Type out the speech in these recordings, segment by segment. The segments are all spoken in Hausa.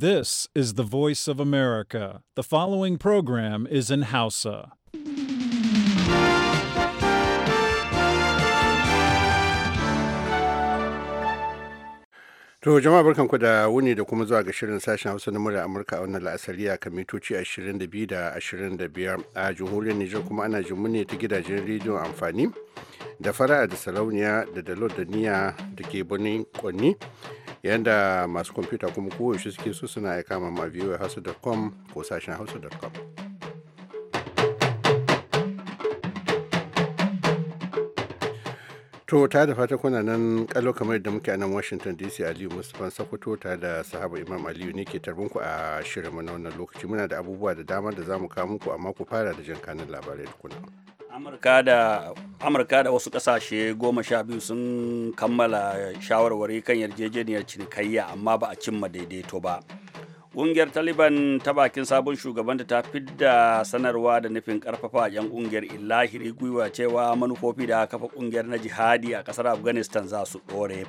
This is the voice of America. The following program is in Hausa. To jama'a barkanku da wuni da kuma zuwa ga shirin sashen Hausa na murya Amurka wannan la'asari a mitoci 22 da 25 a jamhuriyar Nijar kuma ana jimuni ta gidajen rediyon amfani da fara'a da sarauniya da dalot da niya da ke birnin Kwanni yanda masu kwamfuta kuma koyaushe suke so suna aika ma viewhouse.com ko sashen hausa.com To ta da fata kuna nan kallo kamar da muke a nan Washington DC Aliyu Mustapha Sokoto ta da sahaba Imam Aliyu ne ke tarbin ku a shirin na wannan lokaci muna da abubuwa da dama da za mu kawo muku amma ku fara da jin kanin labarai kuna. amurka da wasu kasashe goma sha biyu sun kammala shawarwari kan yarjejeniyar cinikayya amma ba a cimma daidaito ba ƙungiyar taliban ta bakin sabon shugabanta ta fi da sanarwa da nufin karfafa yan ƙungiyar illahiri gwiwa cewa manufofi da kafa ƙungiyar na jihadi a ƙasar afghanistan za su ɗore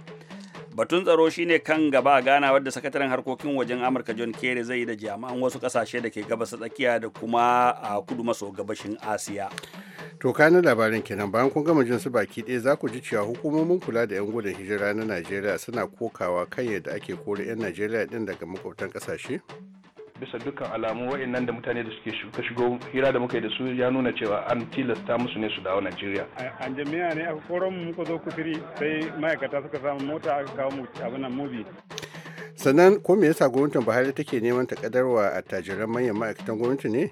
batun tsaro shine kan gaba a gana wadda sakataren harkokin wajen amurka john kerry zai yi da jami'an wasu kasashe da ke gabas tsakiya da kuma a kudu maso gabashin asiya to kanin labarin kenan bayan kun gama jinsu baki ɗaya za ku ji cewa hukumomin kula da yan gudun hijira na najeriya suna kokawa kan yadda ake kore yan najeriya ɗin daga makwabtan kasashe bisa dukkan alamu wa'annan da mutane da suke shuka shigo hira da muka yi da su ya nuna cewa an tilasta musu ne su dawo Najeriya. An jami'a ne aka mu muka zo kufiri sai ma'aikata suka samu mota aka kawo mu abin nan mubi. Sannan ko me yasa gwamnatin Buhari take neman takadarwa a attajiran manyan ma'aikatan gwamnati ne?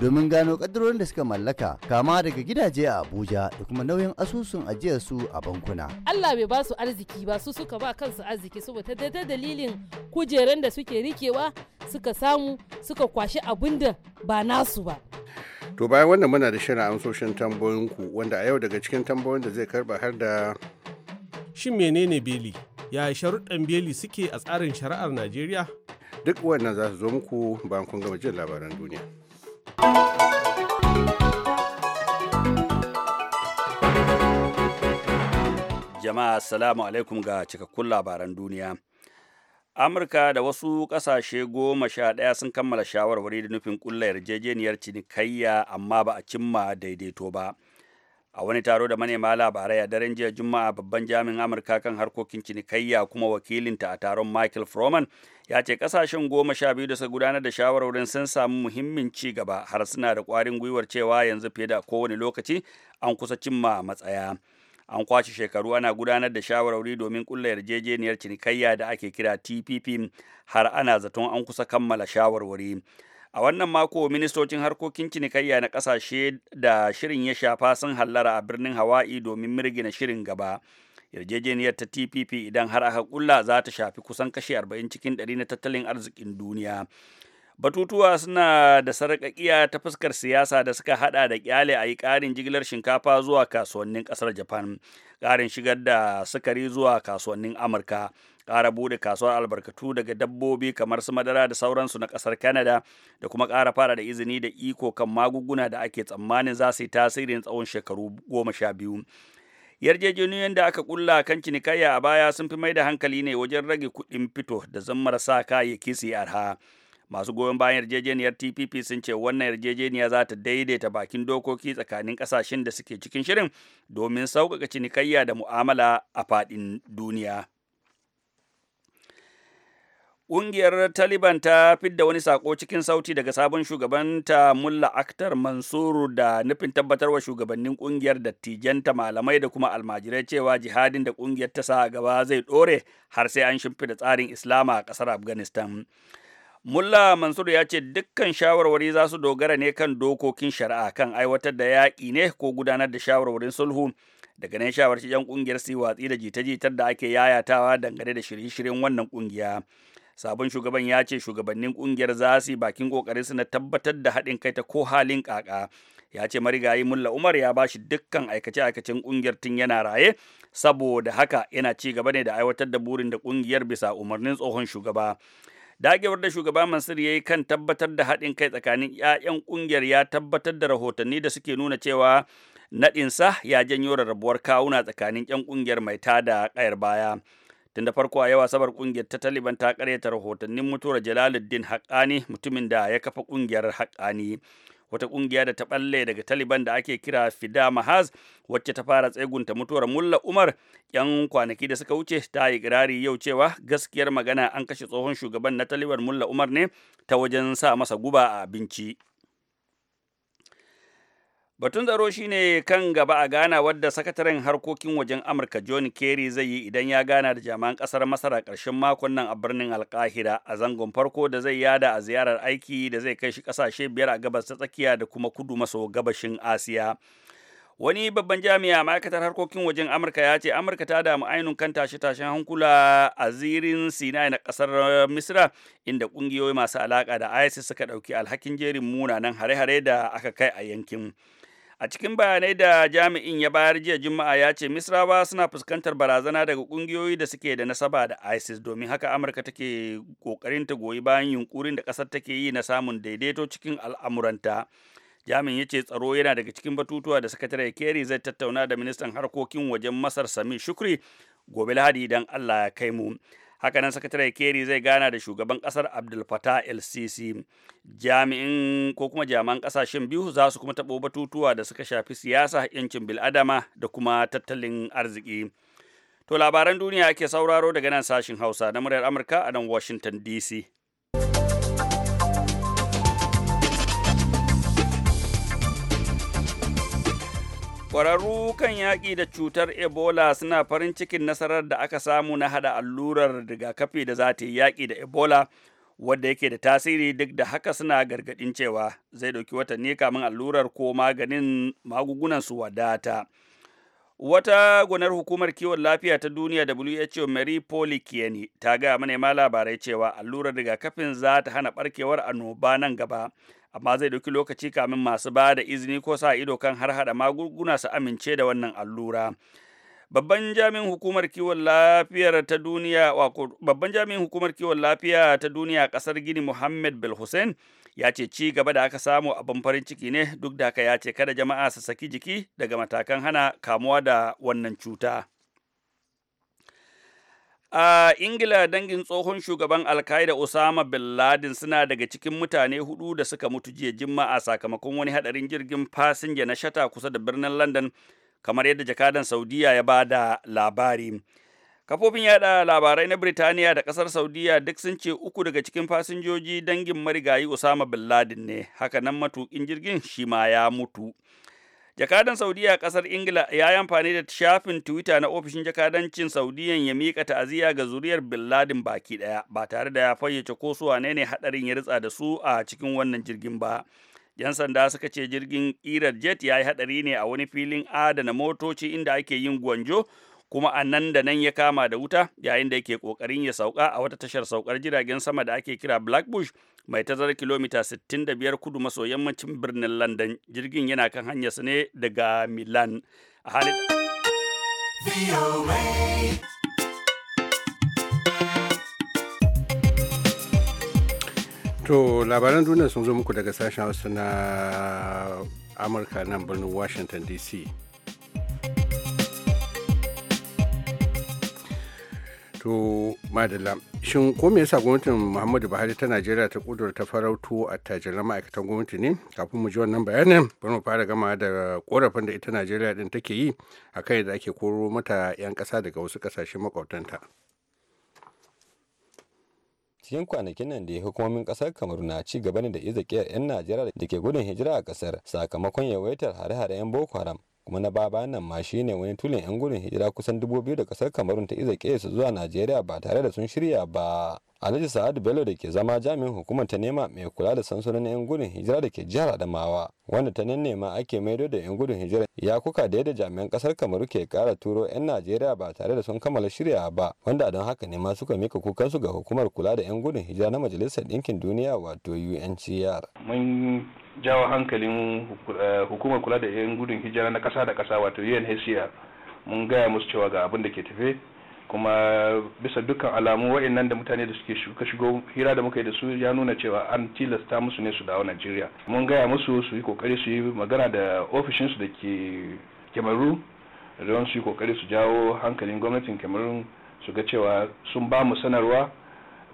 domin gano kaddarorin da suka mallaka kama daga gidaje a Abuja da kuma nauyin asusun ajiyar su a bankuna. Allah bai ba su arziki ba su suka ba kansu arziki saboda ta dalilin kujeran da suke rikewa suka samu suka kwashi abin da ba nasu ba. To bayan wannan muna da shirin amsoshin ku wanda a yau daga cikin tambayoyin da zai karba har da. Shin menene beli? Ya sharuɗan beli suke a tsarin shari'ar Najeriya? Duk wannan za su zo muku bayan kun gama jin labaran duniya. Jama'a salamu alaikum ga cikakkun labaran duniya. Amurka da wasu ƙasashe goma sha ɗaya sun kammala shawarwari da nufin ƙulla yarjejeniyar cinikayya amma ba a cimma daidaito ba. a wani taro da manema labarai a daren jiya juma'a babban jami'in amurka kan harkokin cinikayya kuma wakilinta a taron michael froman ya ce kasashen goma sha biyu da suka gudanar da shawarwarin sun samu muhimmin ci gaba har suna da kwarin gwiwar cewa yanzu fiye da kowane lokaci an kusa cimma matsaya an kwashe shekaru ana gudanar da shawarwari domin kulla yarjejeniyar cinikayya da ake kira tpp har ana zaton an kusa kammala shawarwari a wannan mako ministocin harkokin cinikayya na kasashe da shirin ya shafa sun hallara a birnin hawaii domin mirgina shirin gaba yarjejeniyar ta tpp idan har aka kulla za ta shafi kusan kashi 40 cikin 100 na tattalin arzikin duniya batutuwa suna da sarƙaƙiya ta fuskar siyasa da suka hada da kyale a yi ƙarin jigilar shinkafa zuwa kasuwannin ƙasar japan ƙarin shigar da sukari zuwa kasuwannin amurka ƙara buɗe kasuwar albarkatu daga dabbobi kamar su madara da sauransu na ƙasar canada da kuma ƙara fara da izini da iko kan magunguna da ake tsammanin za su yi tasirin tsawon shekaru goma sha biyu yarjejeniyoyin da aka kulla kan cinikayya a baya sun fi mai da hankali ne wajen rage kuɗin fito da zammar sa kayayyaki su yi arha masu goyon bayan yarjejeniyar tpp sun ce wannan yarjejeniya za ta daidaita bakin dokoki tsakanin kasashen da suke cikin shirin domin sauƙaƙa cinikayya da mu'amala a faɗin duniya Ƙungiyar Taliban ta fidda wani sako cikin sauti daga sabon shugabanta Mulla Akhtar Mansur da nufin tabbatarwa shugabannin ƙungiyar dattijanta malamai da kuma almajirai cewa jihadin da ƙungiyar ta sa gaba zai ɗore har sai an shimfida tsarin Islama a ƙasar Afghanistan. Mulla Mansur ya ce dukkan shawarwari za su dogara ne kan dokokin shari'a kan aiwatar da yaƙi ne ko gudanar da shawarwarin sulhu daga nan shawarci 'yan kungiyar su watsi da jita-jitar da ake yayatawa dangane da shirye-shiryen wannan ƙungiya. Sabon shugaban ya ce shugabannin ƙungiyar za su yi bakin kokarin su na tabbatar da haɗin kai ta ko halin ƙaƙa. ya ce marigayi mulla umar ya bashi dukkan aikace-aikacen kungiyar tun yana raye saboda haka yana ci gaba ne da aiwatar da burin da kungiyar bisa umarnin tsohon shugaba Dagewar da shugaba Mansur ya yi kan tabbatar da haɗin kai tsakanin 'ya'yan ƙungiyar ya tabbatar da rahotanni da suke nuna cewa naɗinsa ya janyo rarrabuwar kawuna tsakanin 'yan ƙungiyar mai tada ƙayar baya. tun da farko a yawa sabar ƙungiyar ta taliban ta karyata rahotannin mutuwar jalaluddin haƙani mutumin da ya kafa ƙungiyar haƙani wata kungiya da ta balle daga taliban da ake kira fida mahaz wacce ta fara tsegunta mutuwar mulla umar yan kwanaki da suka wuce ta yi kirari yau cewa gaskiyar magana an kashe tsohon shugaban na taliban mulla umar ne ta wajen sa masa guba a abinci Batun tsaro shine kan gaba a gana wadda sakataren harkokin wajen Amurka John Kerry zai yi idan ya gana da jami'an kasar masara a ƙarshen makon nan a birnin Alkahira a zangon farko da zai yada a ziyarar aiki da zai kai shi kasashe biyar a gabas ta tsakiya da kuma kudu maso gabashin Asiya. Wani babban jami'a ma'aikatar harkokin wajen Amurka ya ce Amurka ta damu ainihin kan tashe-tashen hankula a zirin Sinai na kasar Misra inda ƙungiyoyi masu alaka da ISIS suka ɗauki alhakin jerin munanan hare-hare da aka kai a yankin. a cikin bayanai da jami'in ya bayar jiya juma'a ya ce misrawa suna fuskantar barazana daga kungiyoyi da suke da nasaba da isis domin haka amurka take kokarin ta goyi bayan yunkurin da kasar take yi na samun daidaito cikin al'amuranta jami'in ya ce tsaro yana daga cikin batutuwa da sakatare kerry zai tattauna da ministan harkokin wajen masar sami shukri gobe lahadi idan allah ya kai mu haka nan sakatare keri zai gana da shugaban kasar abdul fatah lcc jami'in ko kuma jami'an kasashen biyu za su kuma taɓo batutuwa da suka shafi siyasa yancin bil'adama da kuma tattalin arziki to labaran duniya ake sauraro daga nan sashin hausa na muryar amurka a nan washington dc Kwararru kan yaƙi da cutar Ebola suna farin cikin nasarar da aka samu na hada allurar rigakafi da za ta yi yaƙi da Ebola, wadda yake da tasiri duk da haka suna gargaɗin cewa zai ɗauki watanni kamin allurar ko maganin magungunan su wadata. Wata gwanar hukumar kiwon lafiya ta duniya WHO Mary Polly Kieni ta gaya manema labarai cewa allurar rigakafin za ta hana barkewar annoba nan gaba. amma zai ɗauki lokaci kamin masu ba da izini ko sa ido kan har hada magunguna su amince da wannan allura babban jami'in hukumar kiwon lafiyar ta duniya babban jami'in hukumar kiwon lafiya ta duniya kasar gini muhammad bel hussein ya ce ci gaba da aka samu abin farin ciki ne duk da haka ya ce kada jama'a su saki jiki daga matakan hana kamuwa da wannan cuta. A Ingila dangin tsohon shugaban Alkaida Osama Bin Laden suna daga cikin mutane hudu da suka mutu jiya Juma'a sakamakon wani hadarin jirgin fasinja na shata kusa da birnin London kamar yadda jakadan Saudiya ya ba da labari. Kafofin yada labarai na Birtaniya da kasar Saudiya duk sun ce uku daga cikin fasinjoji dangin marigayi Osama Bin Laden ne, nan matukin jirgin shi ma ya mutu. Jakadan Saudiya a kasar Ingila ya yi amfani da shafin Twitter na ofishin jakadancin saudiya ya mika ta'aziyya ga zuriyar Bin Laden baki daya ba tare da ya fayyace ko su wane ne haɗarin ya ritsa da su a cikin wannan jirgin ba. 'Yan sanda suka ce jirgin irar jet ya yi haɗari ne a wani filin adana motoci inda ake yin gwanjo kuma a nan da nan ya kama da wuta yayin da yake kokarin ya sauka a wata tashar saukar jiragen sama da ake kira Black Bush mai tazara kilomita 65 kudu maso yammacin birnin london jirgin yana kan hanyarsa ne daga milan a halin to labaran duniya sun zo muku daga sashen hausa na amurka nan birnin washington dc To madalla shin ko me yasa gwamnatin Muhammadu Buhari ta Najeriya ta ta farauto a tajiran ma'aikatan gwamnati ne kafin mu ji wannan bayanin bari mu fara gama da korafin da ita Najeriya din take yi a akan da ake koro mata 'yan kasa daga wasu kasashen makwabtanta. cikin kwanakin nan da ya hukumomin kasar kamaru na ci gaba ne da izakiyar 'yan najeriya da ke gudun hijira a kasar sakamakon yawaitar hare-hare 'yan boko haram kuma na baba nan ma shine wani tulin yan gudun hijira kusan dubu biyu da kasar kamarun ta iza kesa zuwa najeriya ba tare da sun shirya ba alhaji sa'adu bello da ke zama jami'in hukumar ta nema mai kula da sansanonin yan gudun hijira da ke jihar adamawa wanda ta nan nema ake maido da yan gudun hijira ya kuka da yadda jami'an kasar kamaru ke kara turo yan najeriya ba tare da sun kammala shirya ba wanda don haka ne ma suka mika kukansu ga hukumar kula da yan gudun hijira na majalisar ɗinkin duniya wato uncr jawo hankalin eh, hukumar kula da 'yan gudun hijira na kasa da kasa wato unhcr mun gaya musu cewa ga abin da ke tafe kuma bisa dukkan alamu wa'annan da mutane da suke shuka shigo hira da muka yi da su ya nuna cewa an tilasta musu ne su dawo najeriya mun gaya musu su yi kokari su yi magana da ofishinsu da ke kyamaru don su yi kokari su jawo hankalin gwamnatin kyamarun su ga cewa sun ba mu sanarwa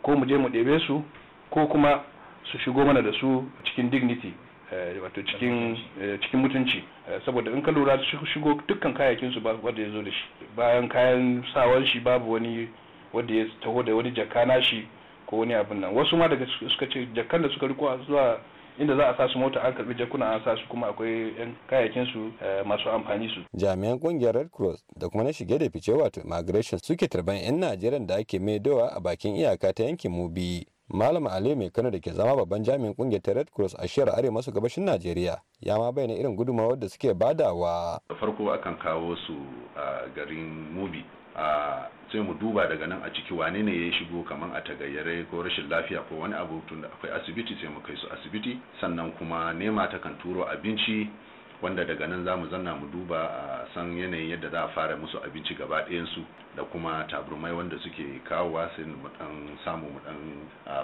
ko mu je mu ɗebe su ko kuma su shigo mana da su cikin dignity Eh, wato cikin eh, cikin mutunci eh, saboda in ka lura shigo dukkan kayayyakin su ba wanda ya zo da shi bayan kayan sawan shi babu wani wanda ya taho da wani jaka na shi ko wani abin nan wasu ma daga suka ce jakan da suka riko zuwa inda za a sa su mota an karbi jakuna an sa su kuma akwai yan kayayyakin su masu amfani su jami'an kungiyar red cross da kuma na shige da fice wato immigration suke tarban yan najeriya da ake maidowa a bakin iyaka ta yankin mubi Malam Ali mai Kano da ke zama babban jami'in kungiyar ta Red Cross a shiyar arewa maso gabashin Najeriya ya ma bayyana irin gudunmawar da suke badawa. Da farko akan kawo su a garin Mubi a sai mu duba daga nan a ciki wane ne ya shigo kamar a tagayyare ko rashin lafiya ko wani abu tun da akwai asibiti sai mu kai su asibiti sannan kuma nema ta kan turo abinci wanda daga nan za mu zanna mu duba a san yanayin yadda za a fara musu abinci gaba ɗayan su da kuma taburmai wanda suke kawowa sai mu dan samu mu dan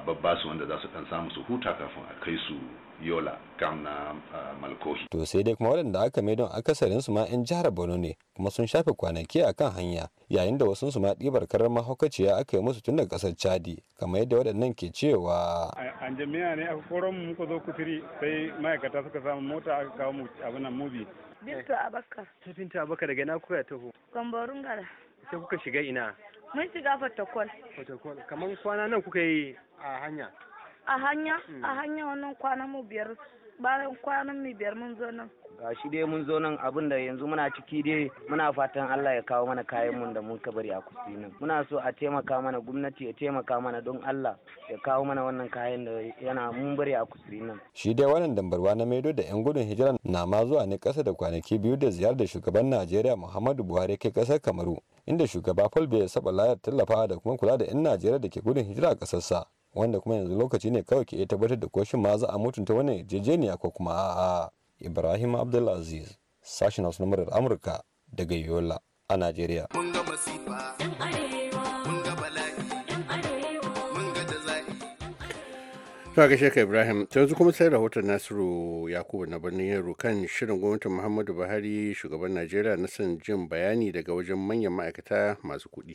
babbasu wanda za su dan samu su huta kafin a kai su yola kam na malkohi to sai dai kuma wadanda aka mai don akasarin su ma 'yan jihar borno ne kuma sun shafe kwanaki akan hanya yayin da wasu su ma ɗibar karar mahaukaciya aka yi musu tun daga ƙasar chadi kamar yadda wadannan ke cewa an jami'a ne aka koron mu muka zo kuturi sai ma'aikata suka samu mota aka kawo mu abin nan mubi Tafinta daga na taho kambarungara sai kuka shiga ina mun shiga protocol protocol kamar kwana nan kuka yi a hanya a hanya hmm. a hanya wannan kwana mu biyar bayan kwanan mu biyar mun zo nan ga shi dai mun zo nan abin da yanzu muna ciki dai muna fatan Allah ya kawo mana kayan mun da mun ka bari a kusi nan muna so a taimaka mana gwamnati ya taimaka mana don Allah ya kawo mana wannan kayan da yana mun bari a kusi nan shi dai wannan dambarwa na maido da yan gudun hijira na ma zuwa ne kasa da kwanaki biyu da ziyarar da shugaban Najeriya Muhammadu Buhari kai kasar Kamaru inda shugaba Paul ya saba layar tallafawa da kuma kula da yan Najeriya da ke gudun hijira a kasarsa wanda kuma yanzu lokaci ne kawai ke tabbatar da ko shin ma za a mutunta wani jejeniya ko kuma a'a Ibrahim Abdulaziz sashen Hausa na Amurka daga Yola a Najeriya. Mun ga Ibrahim, ta yanzu kuma sai rahoton Nasiru Yakubu na birnin Yaro kan shirin gwamnatin Muhammadu Buhari shugaban Najeriya na son jin bayani daga wajen manyan ma'aikata masu kuɗi.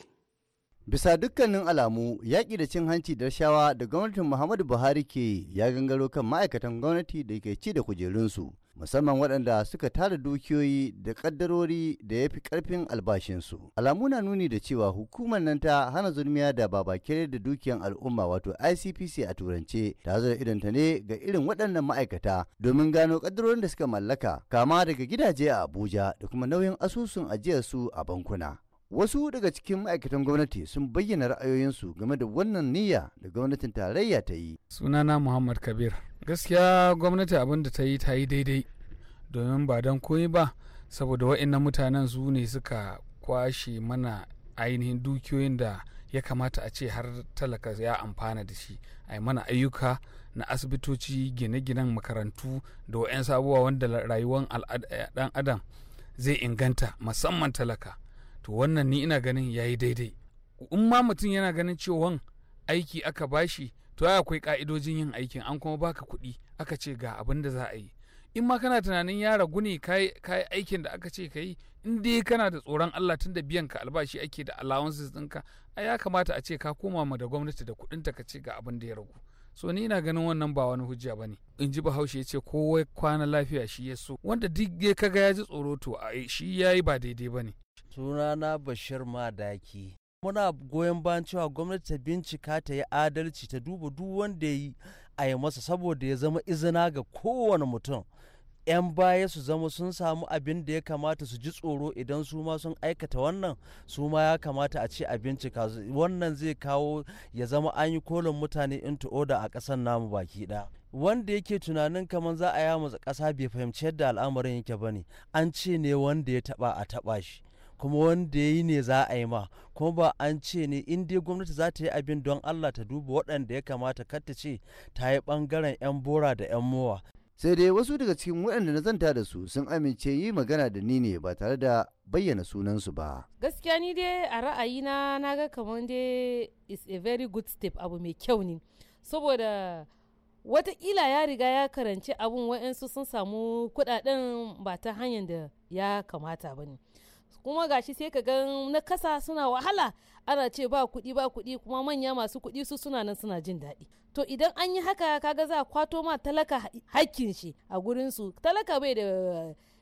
bisa dukkanin alamu yaƙi da cin hanci da rashawa da gwamnatin muhammadu buhari ke ya gangaro kan ma'aikatan gwamnati da ke ci da kujerunsu musamman waɗanda suka tara dukiyoyi da ƙaddarori da ya fi ƙarfin albashinsu. Alamu na nuni da cewa hukumar nan ta hana zurmiya da babakere da dukiyan al'umma wato ICPC a turance ta zara ta ne ga irin waɗannan ma'aikata domin gano ƙaddarorin da suka mallaka kama daga gidaje a Abuja da kuma nauyin asusun ajiyarsu a bankuna. Wasu daga cikin ma'aikatan gwamnati sun bayyana ra'ayoyinsu game da wannan niyya da gwamnatin tarayya ta yi. Sunana Muhammad Kabir. Gaskiya gwamnati abin da ta yi ta yi daidai domin ba don koyi ba saboda wa'in mutanen su ne suka kwashe mana ainihin dukiyoyin da ya kamata a ce har talaka ya amfana da shi a mana ayyuka na asibitoci gine-ginen makarantu da wa'yan sabuwa wanda rayuwar dan adam zai inganta musamman talaka to wannan ni ina ganin ya yi daidai in ma mutum yana ganin cewan aiki aka bashi to ya akwai ka'idojin yin aikin an kuma baka kuɗi aka ce ga abin da za a yi in ma kana tunanin ya ragu ne kayi aikin da aka ce ka yi in dai kana da tsoron Allah tun da biyan ka albashi ake da allowances ɗinka a ya kamata a ce ka koma ma da gwamnati da kuɗinta ka ce ga abin da ya ragu so ni ina ganin wannan ba wani hujja ba ne. in ji bahaushe ya ce kowai kwana lafiya shi ya so wanda duk ya kaga ya ji tsoro to a shi ya yi ba daidai ba ne. sunana bashir madaki muna goyon bayan cewa gwamnati ta bincika ta yi adalci ta duba duk wanda ya yi a yi masa saboda ya zama izina ga kowane mutum 'yan baya su zama sun samu abin da ya kamata su ji tsoro idan su ma sun aikata wannan su ma ya kamata a ce a bincika wannan zai kawo ya zama an yi kolon mutane into order a ƙasar namu baki ɗaya wanda yake tunanin kamar za a yi masa ƙasa bai fahimci yadda al'amarin yake ba ne an ce ne wanda ya taɓa a taɓa shi kuma wanda ya yi ne za a yi ma kuma ba an ce ne in dai gwamnati za ta yi abin don allah ta duba waɗanda ya kamata kar ta ce ta yi ɓangaren 'yan bora da 'yan mowa sai dai wasu daga cikin waɗanda na zanta da su sun amince yi magana da ni ne ba tare da bayyana sunansu ba gaskiya ni dai a ra'ayi na na ga kamar dai is a very good step abu mai kyau ne saboda watakila ya riga ya karanci abun wa'yansu sun samu kudaden ba ta hanyar da ya kamata ba ne kuma gashi sai ka ga na kasa suna wahala ana ce ba kuɗi ba kuɗi kuma manya masu kuɗi su suna nan suna jin daɗi to idan an yi haka kaga za a kwato ma talaka hakkin shi a gurin su talaka bai da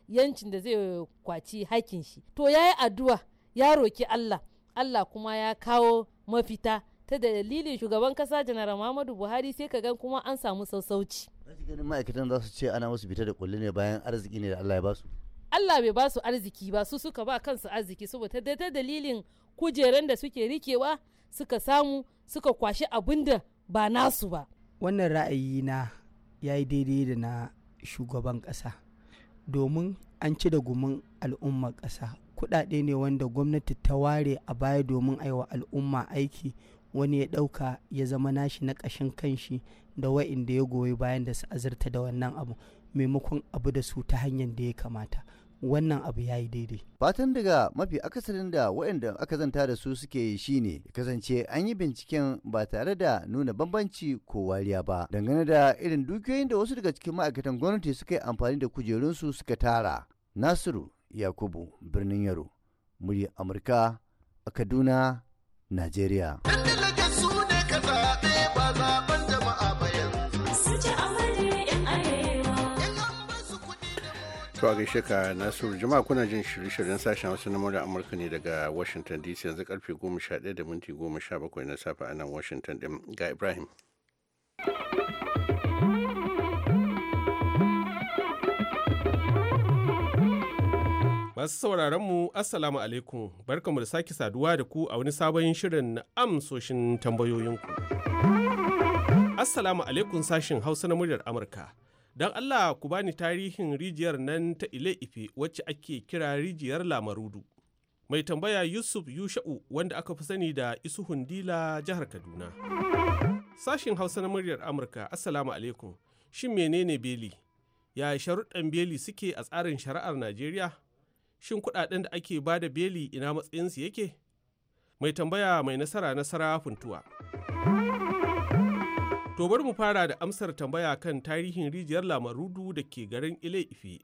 yancin da zai kwaci hakkin shi to ya yi addu'a ya roki Allah Allah kuma ya kawo mafita ta dalilin shugaban kasa janaral Muhammadu Buhari sai ka gan kuma an samu sassauci. Za ganin ma'aikatan za su ce ana musu fita da kulli ne bayan arziki ne da Allah ya basu. Allah bai ba su arziki ba su suka ba kansu arziki saboda da ta dalilin kujeran da suke rikewa suka samu suka kwashi abinda da ba nasu ba wannan ra'ayi na ya yi daidai da na shugaban ƙasa domin an ci da gumin al'ummar ƙasa kuɗaɗe ne wanda gwamnati ta ware a baya domin aiwa al'umma aiki wani ya ɗauka ya zama nashi na ƙashin kanshi da wa'inda ya goyi bayan da su azurta da wannan abu maimakon abu da su ta hanyar da ya kamata wannan abu ya yi daidai. Fatan daga mafi akasarin da waɗanda aka zanta da su suke yi ne kasance an yi binciken ba tare da nuna bambanci ko wariya ba dangane da irin dukiyoyin da wasu daga cikin ma'aikatan gwamnati suka yi amfani da kujerunsu suka tara. Nasiru Yakubu birnin Yaro, murya Amurka a Kaduna, Najeriya. to a gaishe ka nasiru jama'a kuna jin shirye-shiryen sashen hausa na murya amurka ne daga washington dc yanzu karfe 11 da minti 17 na safe a nan washington din ga ibrahim masu sauraron mu assalamu alaikum barkamu da sake saduwa da ku a wani sabon shirin na amsoshin tambayoyinku assalamu alaikum sashen hausa na muryar amurka Don Allah ku bani tarihin rijiyar nan ta Ile Ife wacce ake kira rijiyar Lamarudu. Mai tambaya Yusuf Yusha'u wanda aka fi sani da Isu Hundila jihar Kaduna. Sashen Hausa na muryar Amurka, Assalamu alaikum. Shin menene beli? Ya sharuɗan beli suke a tsarin shari'ar Najeriya? Shin kuɗaɗen da ake ba da beli ina matsayinsu yake? Mai tambaya mai nasara nasara funtuwa. To bari mu fara da amsar tambaya kan tarihin rijiyar lamarudu da ke garin Ile Ife.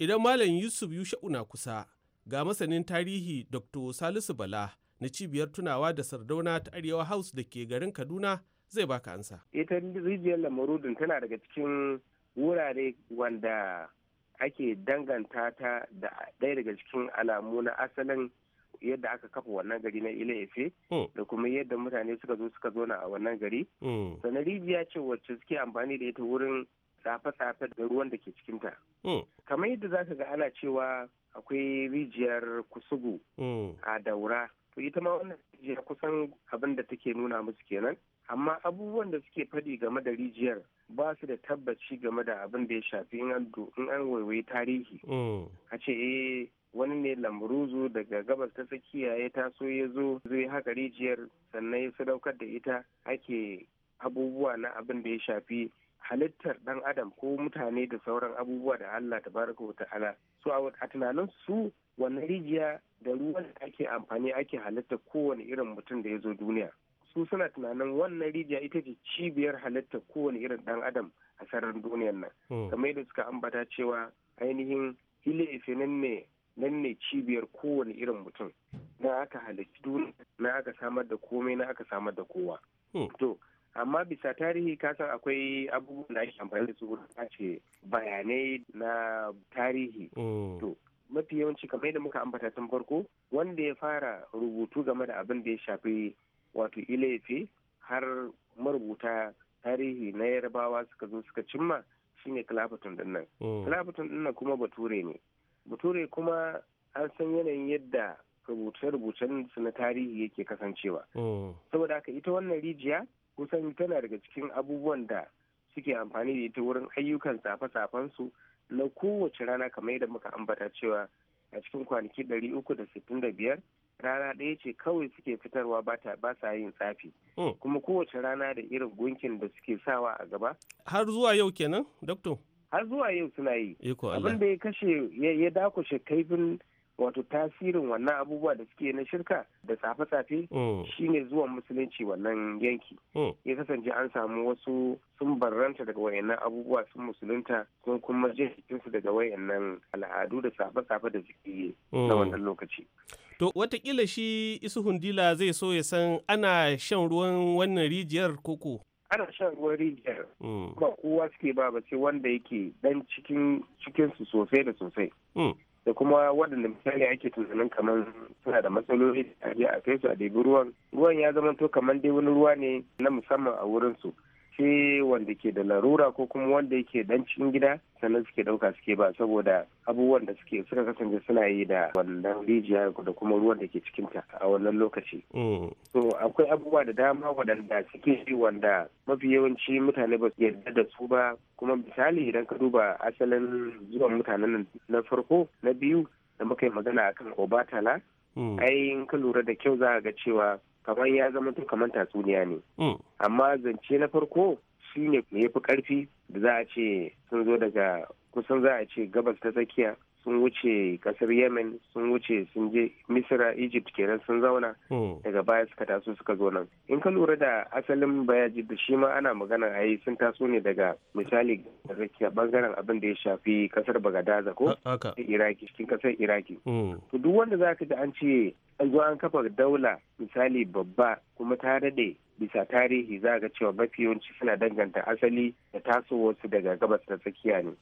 Idan Malam Yusuf Yusha'u na kusa, ga masanin tarihi Dr. Salisu Bala na cibiyar tunawa da Sardauna ta Arewa House da ke garin Kaduna zai baka ansa. Ita rijiyar lamarudun tana daga cikin wurare wanda ake danganta ta da ɗaya daga cikin alamu na asalin yadda aka kafa wannan gari na ile efe hmm. da kuma yadda mutane suka zo suka zo a wannan gari hmm. sannan rijiya ce wacce suke amfani da ita wurin tsafe-tsafe da ruwan da ke cikinta hmm. kamar yadda za ka ga ana cewa akwai rijiyar kusugu a daura to ita ma wannan rijiyar kusan abin da take nuna musu kenan amma abubuwan da suke faɗi game da rijiyar ba su da tabbaci game da abin da ya shafi in an waiwayi tarihi a ce eh wani ne lamruzu daga gabas ta tsakiya ya taso ya zo zai haka rijiyar sannan ya sadaukar da ita ake abubuwa na abin da ya shafi halittar dan adam ko mutane da sauran abubuwa da Allah baraka wa ta'ala so a tunanin su wannan rijiya da ruwan da ake amfani ake halittar kowane irin mutum da ya zo duniya su suna tunanin wannan rijiya ita ce cibiyar halittar kowane irin dan adam a sararin duniyar nan hmm. kamar yadda suka ambata cewa ainihin ile ne nan ne cibiyar kowane irin mutum na aka halarci duniya na aka samar da komai na aka samar da kowa hmm. to amma bisa tarihi kasan akwai abubuwan da ake amfani da su wurin ce bayanai na tarihi hmm. to mafi yawanci kamar da muka ambata tun farko wanda ya fara rubutu game da abin da ya shafi wato ilefe har marubuta tarihi na yarbawa suka zo suka cimma shine clapperton dinnan nan hmm. dinnan kuma bature ne bature kuma an san yanayin yadda rubuce-rubucen su na tarihi yake kasancewa oh. saboda haka ita wannan rijiya kusan tana daga cikin abubuwan da suke amfani da ita wurin ayyukan tsafe-tsafen su na kowace rana kamar yadda muka ambata cewa a cikin kwanaki ɗari uku da sittin biyar rana ɗaya ce kawai suke fitarwa ba sa yin tsafi oh. kuma kowace rana da irin gunkin da suke sawa a gaba har zuwa yau kenan doctor. har zuwa yau suna yi abin da ya kashe ya dakushe kaifin wato tasirin wannan abubuwa da suke na shirka da tsafe-tsafe oh. shine zuwan musulunci wannan yanki oh. ya kasance an samu wasu sun barranta daga wayannan abubuwa sun musulunta sun kuma je jikinsu daga wayannan al'adu da tsafe-tsafe da suke na oh. wannan lokaci to watakila shi isu hundila zai so ya san ana shan ruwan wannan rijiyar koko ana shan ruwan rijiyar mm. ba kowa suke ba ba wanda yake dan cikin cikin su sosai da sosai mm. da kuma waɗanda misali ake tunanin kamar suna da matsaloli a kai su a ruwan ruwan ya zama to kamar dai wani ruwa ne na musamman a wurin su sai wanda ke da larura ko kuma wanda yake dan cikin gida sannan suke dauka suke ba saboda abubuwan da suke suka kasance suna yi da wannan rijiya da kuma ruwan da ke cikin ta. a wannan lokaci. Mm. So akwai abubuwa da dama waɗanda suke yi wanda mafi yawanci mutane ba su yarda da su ba kuma misali idan ka duba asalin zuwan mutanen na farko na biyu da muka yi magana akan Obatala. Mm. Ai in ka lura da kyau za ga cewa kamar ya zama tun kamar tatsuniya ne mm. amma zance na farko shine ya fi karfi da za a ce sun zo daga kusan za a ce gabas ta tsakiya sun wuce kasar yemen sun wuce sun je misira egypt kenan sun zauna mm. daga baya suka taso suka zo nan in ka lura da asalin bayaji da shi ma ana magana a yi sun taso ne daga misali da tsakiya bangaren abin da ya shafi kasar bagadaza ko iraki cikin kasar iraki mm. duk wanda za ka da an ce an an kafa daula misali babba kuma ta daɗe bisa tarihi za ga cewa mafi yawanci suna danganta asali da tasowarsu daga gabas da tsakiya ne.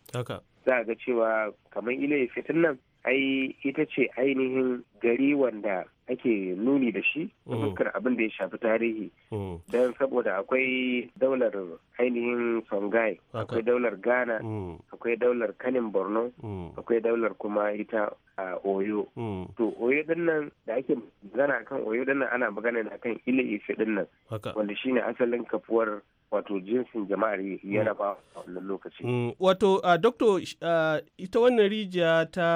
Za ga cewa kamar ile fitin nan ai ita ce ainihin gari wanda ake nuni da shi da mm. fuskar abin da ya shafi tarihi mm. don saboda akwai daular ainihin songhai akwai daular ghana mm. akwai daular kanin borno akwai daular kuma ita a oyo to oyo dinnan da ake magana kan oyo dinnan ana magana na kan ile ife dinnan wanda shine asalin kafuwar wato jinsin jama'ar ya mm. a wannan lokaci. Mm. Wato, uh, doktor uh, ita wannan rijiya ta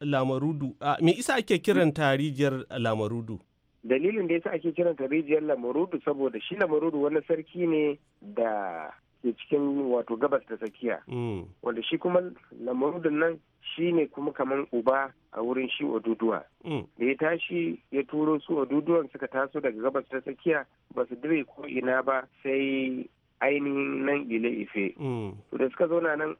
lamarudu, uh, me isa ake kiranta rijiyar lamarudu? Dalilin da yasa ake kiranta rijiyar lamarudu saboda shi lamarudu wani sarki ne da ke cikin wato gabas da tsakiya mm. wanda shi kuma lamarudin nan shi ne kuma kamar uba a wurin shi oduduwa mm. da ya tashi ya turo su oduduwan suka taso daga gabas da tsakiya ba su dire ko ina ba sai ainihin nan ile ife mm. da suka zauna nan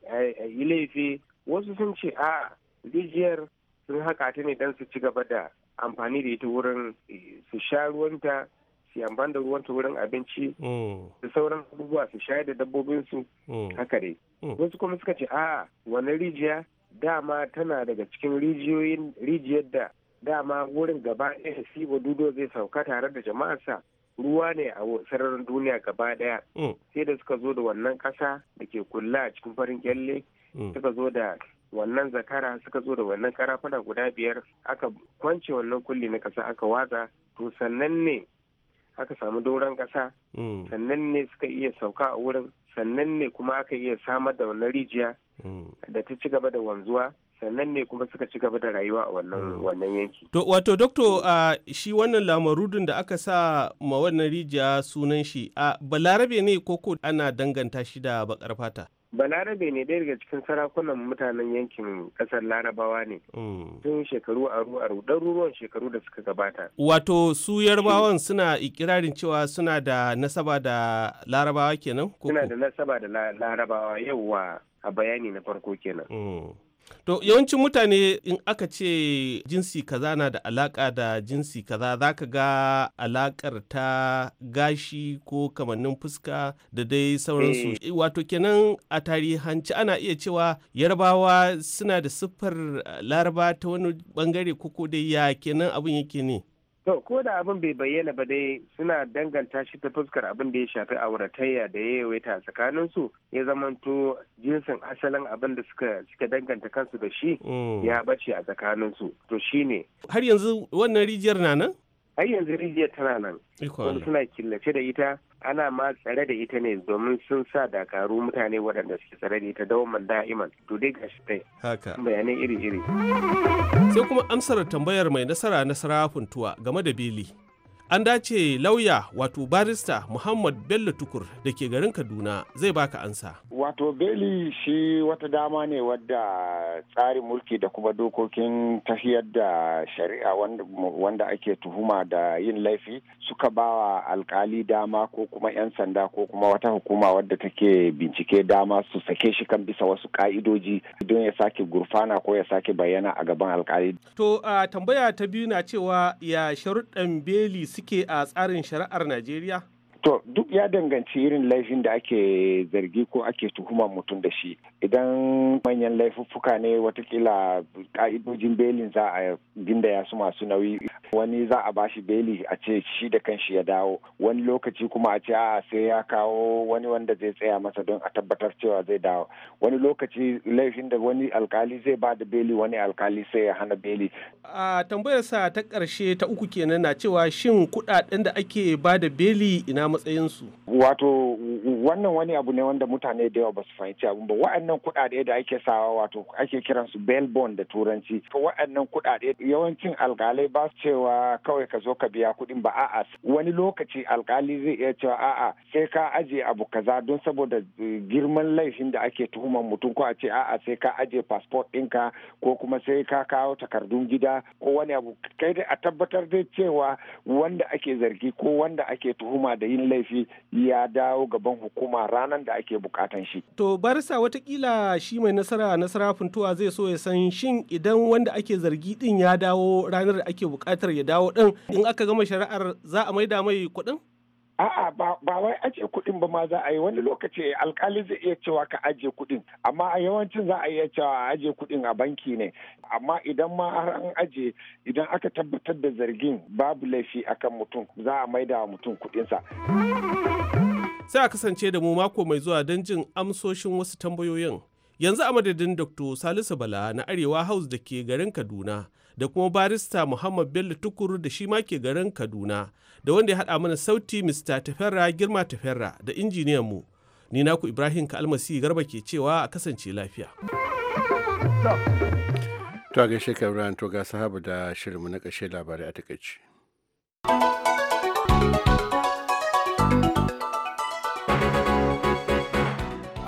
ile ife wasu sun ce a rijiyar sun haƙa ta ne don su ci gaba da amfani da ita wurin eh, su sha ruwanta su amfani da ruwan su wurin abinci mm. da sauran abubuwa su shayar da dabbobin su mm. haka dai mm. wasu kuma suka ce a wani rijiya dama tana daga cikin rijiyoyin rijiyar da dama wurin gaba ɗaya sibo dudo zai sauka tare da jama'arsa ruwa ne a sararin duniya gaba ɗaya sai da suka zo da wannan ƙasa da ke kulla a cikin farin kyalle suka zo da wannan zakara suka zo da wannan karafuna guda biyar aka kwance wannan kulli na kasa aka waza to sannan ne aka samu doron ƙasa mm. sannan ne suka iya sauka a wurin sannan ne kuma aka iya samar da wannan rijiya mm. da ta ci gaba da wanzuwa sannan ne kuma suka ci gaba da rayuwa a wannan mm. yanki. wato doktor a shi wannan lamarudin da aka sa ma wannan rijiya sunan shi a balarabe ne koko ana danganta shi da bakar fata. balarabe ne ɗaya daga cikin sarakunan mutanen yankin ƙasar larabawa ne tun mm. shekaru aru aru ɗaruruwan shekaru da suka gabata wato su yarbawan suna ikirarin cewa suna da nasaba da larabawa kenan suna da nasaba da larabawa yauwa a bayani na farko kenan mm. To yawancin mutane in aka ce jinsi kaza na da alaka da jinsi kaza za ka ga alakar ta gashi ko kamannin fuska da dai sauransu. Eh. Eh, wato kenan a tarihanci ana iya cewa yarbawa suna da siffar eh, laraba ta wani bangare ko dai ya kenan abin yake ne. To, ko da abin bai bayyana ba dai suna danganta shi ta fuskar abin da ya shafi auratayya da ya yawaita tsakanin su ya zamanto jinsin asalin abin da suka danganta kansu da shi mm. ya bace a tsakanin su. To ne. Har yanzu wannan rijiyar na nan? har yanzu rijiyar tana nan kuma suna killace da ita ana ma tsare da ita ne domin sun sa dakaru mutane waɗanda suke tsare da ita dawaman da'iman to dai gashi dai haka bayanai iri-iri sai kuma amsar tambayar mai nasara na tuwa game da beli an dace lauya wato barista muhammad bello tukur da ke garin kaduna zai baka ansa wato beli shi wata dama ne wadda tsarin mulki da kuma dokokin tafiyar da shari'a wanda, ake tuhuma da yin laifi suka bawa alkali dama ko kuma 'yan sanda ko kuma wata hukuma wadda take bincike dama su sake shi kan bisa wasu ka'idoji don ya sake gurfana ko ya sake bayyana a gaban alkali to a uh, tambaya ta biyu na cewa ya sharuɗan beli suke a tsarin shari'ar Najeriya? To duk ya danganci irin laifin da ake zargi ko ake tuhuma mutum da shi. Idan manyan laifuffuka ne watakila ka'idojin belin za a ya su masu nauyi. Wani za a bashi beli a ce shi da kanshi ya dawo. Wani lokaci kuma a ce a sai ya kawo wani wanda zai tsaya masa don a tabbatar cewa zai dawo. Wani lokaci laifin da wani alkali zai ba da beli wani alkali sai ya hana beli. A tambayarsa ta karshe ta uku kenan na cewa shin kuɗaɗen da ake ba da beli ina matsayinsu? Wato wannan wani abu ne wanda mutane da yawa ba su fahimci abin ba. Wa'annan kuɗaɗe da ake sawa wato ake kiransu bail bond da turanci. Wa'annan kuɗaɗe yawancin alkalai ba su cewa kawai ka zo ka biya kuɗin ba a'a wani lokaci alkali zai iya cewa a'a sai ka aje abu kaza don saboda girman laifin da ake tuhuman mutum ko a ce a'a sai ka aje passport ɗinka ko kuma sai ka kawo takardun gida ko wani abu kai dai a tabbatar da cewa wanda ake zargi ko wanda ake tuhuma da yin wani laifi ya dawo gaban hukuma ranar da ake bukatan shi. To barsa watakila shi mai nasara nasara funtuwa zai so ya san shin idan wanda ake zargi din ya dawo ranar da ake bukatar ya dawo din in aka gama shari'ar za a maida mai kuɗin? A'a ba wai ajiye kuɗin ba ma za a yi wani lokaci alkali zai iya cewa ka ajiye kuɗin amma a yawancin za a iya cewa a ajiye kuɗin a banki ne amma idan ma har an ajiye idan aka tabbatar da zargin babu laifi akan mutum za a maida wa mutum kuɗinsa. Sai a kasance da mu mako mai zuwa don jin amsoshin wasu tambayoyin. Yanzu a madadin Dr. Salisu Bala na Arewa House da ke garin Kaduna. da kuma barista Muhammad Bello Tukuru da shi ma ke garin Kaduna da wanda ya haɗa mana sauti Mr. Tafera Girma Tafera da injiniyan mu. Ni naku Ibrahim Kalmasi Garba ke cewa a kasance lafiya. To a gaishe Ibrahim to ga sahaba da shirinmu na ƙarshe labarai a takaice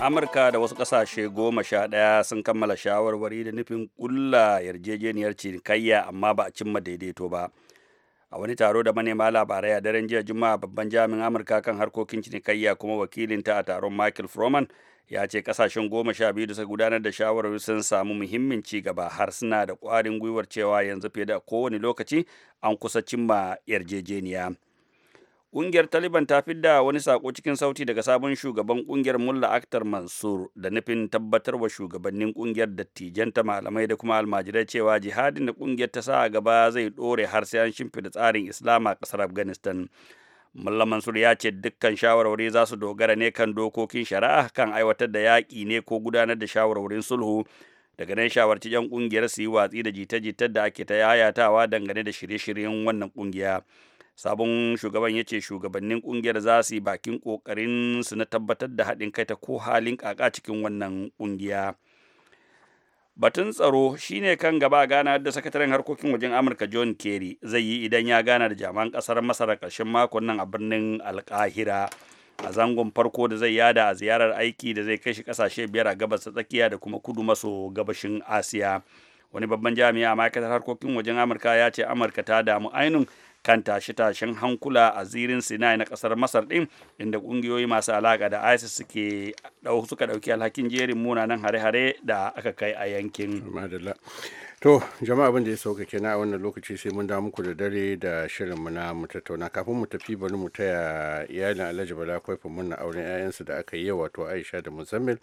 amurka da wasu kasashe goma sha ɗaya sun kammala shawarwari da nufin ƙulla yarjejeniyar cinikayya amma ba a cimma daidaito ba a wani taro da manema labarai a daren jiya juma'a babban jami'in amurka kan harkokin cinikayya kuma wakilinta a taron michael froman ya ce kasashen goma sha biyu da suka gudanar da shawarwari sun samu muhimmin ci gaba har suna da ƙwarin gwiwar cewa yanzu fiye da kowane lokaci an kusa cimma yarjejeniya Ƙungiyar Taliban ta fidda wani sako cikin sauti daga sabon shugaban ƙungiyar Mulla Akhtar Mansur da nufin tabbatar wa shugabannin ƙungiyar dattijanta malamai da kuma almajirai cewa jihadin da ƙungiyar ta sa a gaba zai ɗore har sai an shimfida tsarin Islam a ƙasar Afghanistan. Mulla Mansur ya ce dukkan shawarwari za su dogara ne kan dokokin shari'a kan aiwatar da yaƙi ne ko gudanar da shawarwarin sulhu daga nan shawarci 'yan ƙungiyar su yi watsi da jita-jitar da ake ta yayatawa dangane da shirye-shiryen wannan ƙungiya. sabon shugaban ya ce shugabannin kungiyar za su yi bakin kokarin su na tabbatar da haɗin kai ta ko halin kaka cikin wannan kungiya batun tsaro shine kan gaba gana da sakataren harkokin wajen amurka john kerry zai yi idan ya gana da jaman kasar masar ƙarshen makon nan a birnin alkahira a zangon farko da zai yada a ziyarar aiki da zai kai shi kasashe biyar a gabas ta tsakiya da kuma kudu maso gabashin asiya wani babban jami'a a ma'aikatar harkokin wajen amurka ya ce amurka ta damu ainun kan tashe-tashen hankula a zirin sinai na kasar masar din inda kungiyoyi masu alaka da isis suke suka dauki alhakin jerin munanan hare-hare da aka kai a yankin To, jama'a abin da ya sauka kenan a wannan lokaci sai mun da muku da dare da shirinmu na mu tattauna kafin mu tafi bari mu taya iyalin Alhaji Bala Kwaifin murna auren ƴaƴansu da aka yi wato Aisha da Muzammil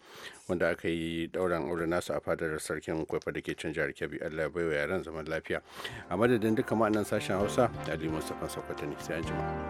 wanda aka yi dauran auren nasu a fadar sarkin Kwaifa da ke can jihar Kebbi. Allah ya baiwa yaran zaman lafiya. A madadin duka ma'anan sashen Hausa, Ali Mustapha Sokoto ne sai an jima.